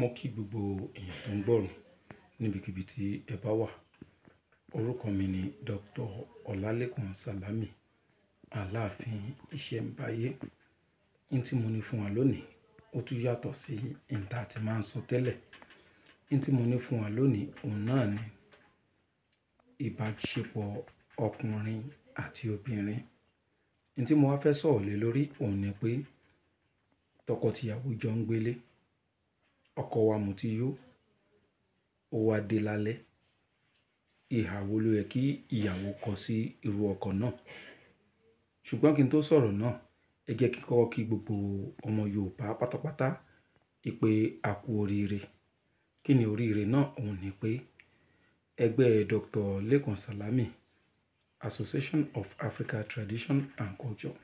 mo kí gbogbo èèyàn tó ń gbọ́rùn níbikíbi tí ẹ bá wà orúkọ mi ni dr ọlálẹ́kan salami aláàfin ìṣẹ̀ǹbáyé ní tí mo ní fún wa lónìí ó tún yàtọ̀ sí níta tí máa ń sọ tẹ́lẹ̀ ní tí mo ní fún wa lónìí òun náà ni ìbáṣepọ̀ ọkùnrin àti obìnrin ní tí mo wá fẹ́ sọ̀rọ̀ lé lórí òun ni pé tọkọtìyàwó jọ ń gbélé ọkọ wa ti yó ó wá dé lálẹ́ ìhà ló yẹ kí ìyàwó kọ sí irú ọkọ náà ṣùgbọ́n kí n tó sọ̀rọ̀ náà ẹ jẹ́ kí kí gbogbo ọmọ Yorùbá pátápátá ìpè àkú oríire kí ni oríire náà òun ni pé ẹgbẹ́ Dr. Lekan Salami Association of African Tradition and Culture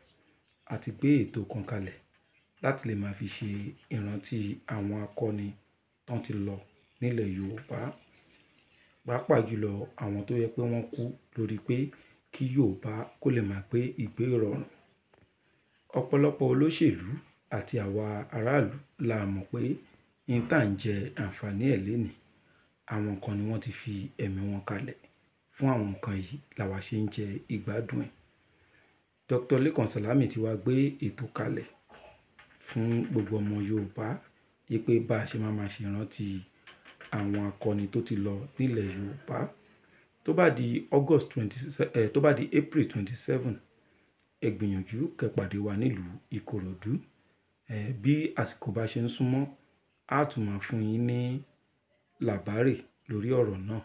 àti gbé ètò kan kalẹ̀ láti lè máa fi ṣe ìrántí àwọn akọni tó ti lọ nílẹ̀ Yorùbá. Pàápàá jùlọ àwọn tó yẹ pé wọ́n kú lórí pé kí Yorùbá kó lè máa gbé ìgbé ìrọ̀rùn. Ọ̀pọ̀lọpọ̀ olóṣèlú àti àwa aráàlú la mọ̀ pé ohun tá ń jẹ àǹfààní ẹ̀ lénìí. Àwọn kan ni wọ́n ti fi ẹ̀mí wọn kalẹ̀ fún àwọn nǹkan yìí làwa ṣe ń jẹ ìgbádùn ẹ̀. Dr. Lekan Salami ti wá gbé ètò kalẹ̀ fún gbogbo ọmọ Yorùbá wípé bá a ṣe máa ma ṣe ìrántí àwọn akọni tó ti lọ nílẹ̀ Yorùbá. Tó bá di August twenty eh, tó bá di April twenty seven, ẹ gbìyànjú kẹ pàdé wa nílùú Ìkoròdú. Eh, bí àsìkò bá ṣe ń súnmọ́, a tún máa fún yín ní làbárì lórí ọ̀rọ̀ náà.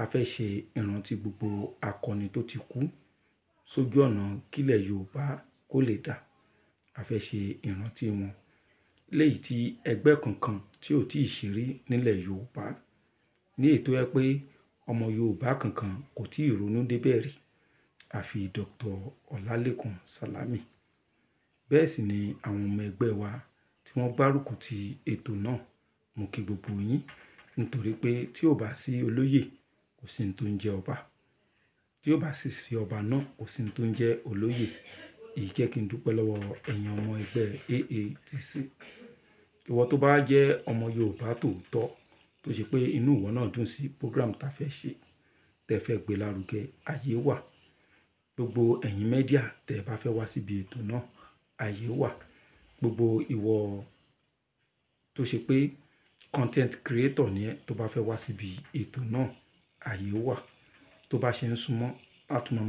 A fẹ́ ṣe ìrántí gbogbo akọni tó ti kú sójú ọ̀nà kílẹ̀ Yorùbá kó lè dà a fẹ́ ṣe ìrántí wọn léyìí tí ẹgbẹ́ kankan tí ò tíì ṣe rí nílẹ̀ Yorùbá ní ètò ẹ pé ọmọ Yorùbá kankan kò tíì ronú débẹ̀ rí àfi Dr. Ọlálékan Sàlámì bẹ́ẹ̀ sì ni àwọn ọmọ ẹgbẹ́ wa tí wọ́n gbárùkù ti ètò náà mo kí gbogbo yín nítorí pé tí ò bá sí olóyè kò sí ní tó ń jẹ ọba tí ò bá sì sí ọba náà kò sí ní tó ń jẹ olóyè èyí jẹ́ kí n dúpẹ́ lọ́wọ́ ẹ̀yin ọmọ ẹgbẹ́ AATC ìwọ tó bá jẹ́ ọmọ Yorùbá tòótọ́ tó ṣe pé inú ìwọ náà dùn sí program tá a fẹ́ ṣe tẹ́ fẹ́ gbé lárugẹ àyè wà gbogbo ẹ̀yin mẹ́díà tẹ́ bá fẹ́ wá síbi ètò náà àyè wà gbogbo ìwọ tó ṣe pé content creator ni ẹ tó bá fẹ́ wá síbi ètò náà àyè wà tó bá ṣe ń súnmọ́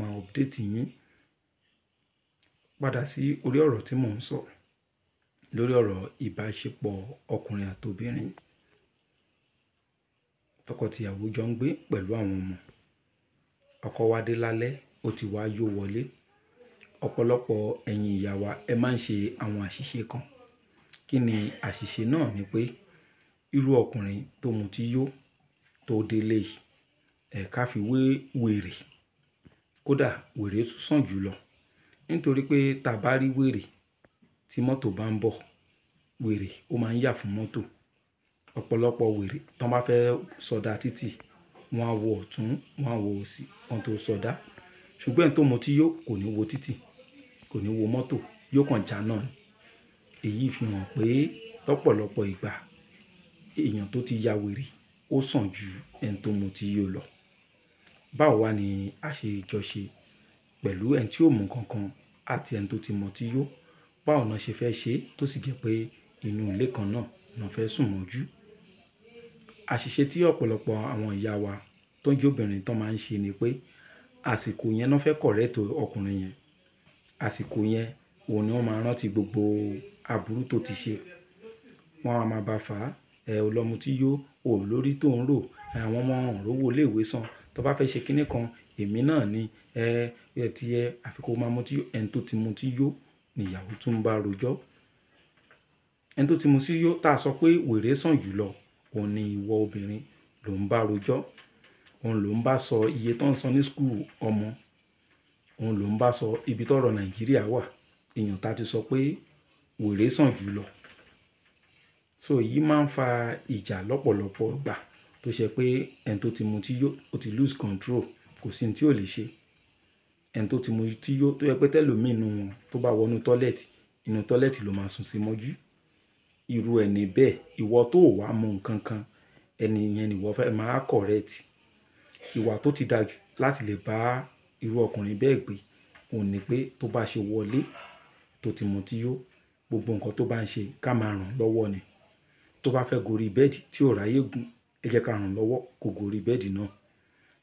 a update yín padà sí orí ọ̀rọ̀ tí mò ń sọ lórí ọ̀rọ̀ ìbáṣepọ̀ ọkùnrin àtobìnrin tọkọtìyàwó jọ ń gbé pẹ̀lú àwọn ọmọ ọkọ wa dé lálẹ́ ó ti wá yó wọlé ọ̀pọ̀lọpọ̀ ẹ̀yin ìyá wa ẹ máa ń ṣe àwọn àṣìṣe kan kí ni àṣìṣe náà ni pé irú ọkùnrin tó mutí yó tó délé ẹ̀ ká fi wé wèrè kódà wèrè tún sàn nítorí pé tá a bá rí wèrè tí mọ́tò bá ń bọ̀ wèrè ó máa ń yà fún mọ́tò ọ̀pọ̀lọpọ̀ wèrè tó bá fẹ́ sọdá títì wọn á wo ọ̀tún wọn á wo òsì kan tó sọdá ṣùgbọ́n ẹni tó mu tí yó kò ní wo títì kò ní wo mọ́tò yóò kàn já náà ni èyí fi hàn pé lọ́pọ̀lọpọ̀ ìgbà èèyàn tó ti ya wèrè ó sàn ju ẹni tó mu tí yó lọ báwo wá ni a ṣe jọ ṣe pẹ̀lú ẹni tí ò mú kankan àti ẹni tó ti mọtí yó báwo náà ṣe fẹ́ ṣe tó sì jẹ́ pé inú ilé kan náà náà fẹ́ sùn mọ́jú. Àṣìṣe tí ọ̀pọ̀lọpọ̀ àwọn ìyá wa tó jẹ́ obìnrin tán máa ń ṣe ni pé àsìkò yẹn náà fẹ́ kọ̀rẹ́ẹ̀tì ọkùnrin yẹn. Àsìkò yẹn òun ni wọ́n máa rántí gbogbo aburú tó ti ṣe. Wọ́n á máa bá fà á, ẹ ò lọ mutí yó, ò lórí tó ń rò, àwọn ọmọ ò rówó ilé san, tó bá fẹ́ ṣe kíní kan èmi náà ni ẹ ẹ ti ẹ àfi kó máa mutí yó ẹni tó ti mutí yó ni ìyàwó tún ń bá rojọ́. Ẹni tó ti mutí yó tá a sọ pé wèrè sàn jù lọ òun ni ìwọ obìnrin ló ń bá rojọ́. Òun ló ń bá sọ iye tó ń san ní school ọmọ. Òun ló ń bá sọ ibi tọ́rọ̀ Nàìjíríà wà. Èèyàn ta ti sọ pé wèrè sàn jù So èyí máa ń fa ìjà lọ́pọ̀lọpọ̀ ìgbà tó ṣe pé ẹni tó ti mutí yó ó ti lose control kò sí ní tí ò lè ṣe ẹni tó ti mojú tí yóò tó yẹ pé tẹ́lòmíì inú wọn tó bá wọnú tọ́lẹ̀tì inú tọ́lẹ̀tì ló máa sùn sí mọ́jú irú ẹni bẹ́ẹ̀ ìwọ tó wà mọ nǹkan kan ẹni yẹn ni ìwọ fẹ́ máa kọ̀rẹ́ẹ̀tì ìwà tó ti dájú láti lè bá irú ọkùnrin bẹ́ẹ̀ gbé òun ni pé tó bá ṣe wọlé tó ti mutí yó gbogbo nǹkan tó bá ń ṣe ká máa ràn lọ́wọ́ ni tó bá fẹ́ gorí bẹ́ẹ̀dì tí ò ráyè gùn ẹ jẹ́ ká ràn lọ́wọ́ kó gorí bẹ́ẹ̀dì náà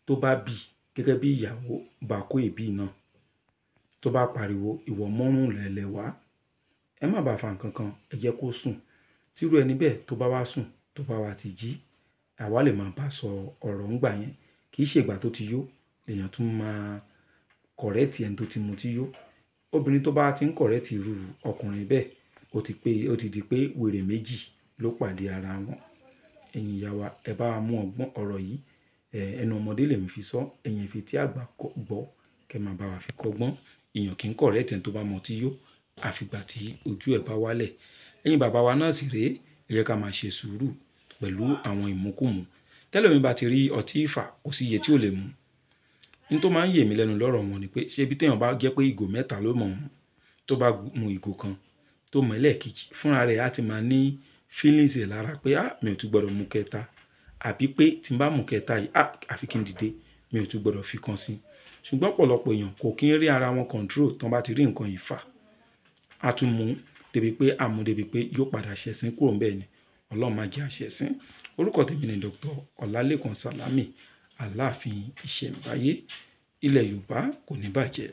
tó bá bì gẹ́gẹ́ bí ìyàwó bá kó ẹbí náà tó bá pariwo ìwọ mọ́rùn lẹ̀lẹ̀ wá ẹ má bàa fa nǹkan kan ẹ jẹ́ kó sùn tírú ẹni bẹ́ẹ̀ tó bá wá sùn tó bá wá ti jí àwa lè máa bá sọ ọ̀rọ̀ ńgbà yẹn kì í ṣègbà tó ti yó lèèyàn tún máa kọ̀rẹ́ẹ̀tì ẹni tó ti mutí yó obìnrin tó bá ti ń kọ̀rẹ́ẹ̀tì irú ọkùnrin bẹ́ẹ̀ ó ti pé ó ti di pé wèrè méjì ló pàdé ara wọn ẹ̀yin ìyá ẹ bá wa mú ọgbọ́n ọ̀rọ̀ yìí ẹnu ọmọdé lèmi fi sọ ẹ̀yin ẹ fi etí àgbà gbọ́ kẹ́ máa bá wa fi kọ́gbọ́n èèyàn kì í correct ẹni tó bá mọtí yó àfìgbà tí ojú ẹ̀ bá wálẹ̀ ẹ̀yin bàbá wa náà sì rèé ẹ jẹ́ ká máa ṣe sùúrù pẹ̀lú àwọn ìmúkùmù tẹ́lẹ̀mí bá ti rí ọtí ìfà kò sí iye tí ò lè mú ní tó máa ń yè mí lẹ́nu lọ́rọ̀ wọn ni pé ṣé ibi téèyàn bá jẹ́ pé ìgò mẹ́ta ló mọ̀ ọ́n tó bá mu ìgò kan tó mọ̀ ẹlẹ́ẹ̀kejì fúnra rẹ̀ á ti máa ní feelings lára pé ah mi ò tún gbọ́dọ̀ mu kẹta àbí pé tí n bá mú kẹta yìí ah, àfi kí n dìde mi ò tún gbọdọ̀ fi kan sí ṣùgbọ́n ọ̀pọ̀lọpọ̀ èèyàn kò kí ń rí ara wọn control tán bá ti rí nǹkan yìí fà á tún mú débi pé àmú débi pé yóò padà ṣẹ̀sín kúrò ń bẹ́ẹ̀ ni ọlọ́run máa jẹ́ àṣẹ̀sín orúkọ tèmi ni Dr. Ọlálékan Salami aláàfin ìṣẹ̀ǹbáyé ilẹ̀ Yorùbá kò ní bàjẹ́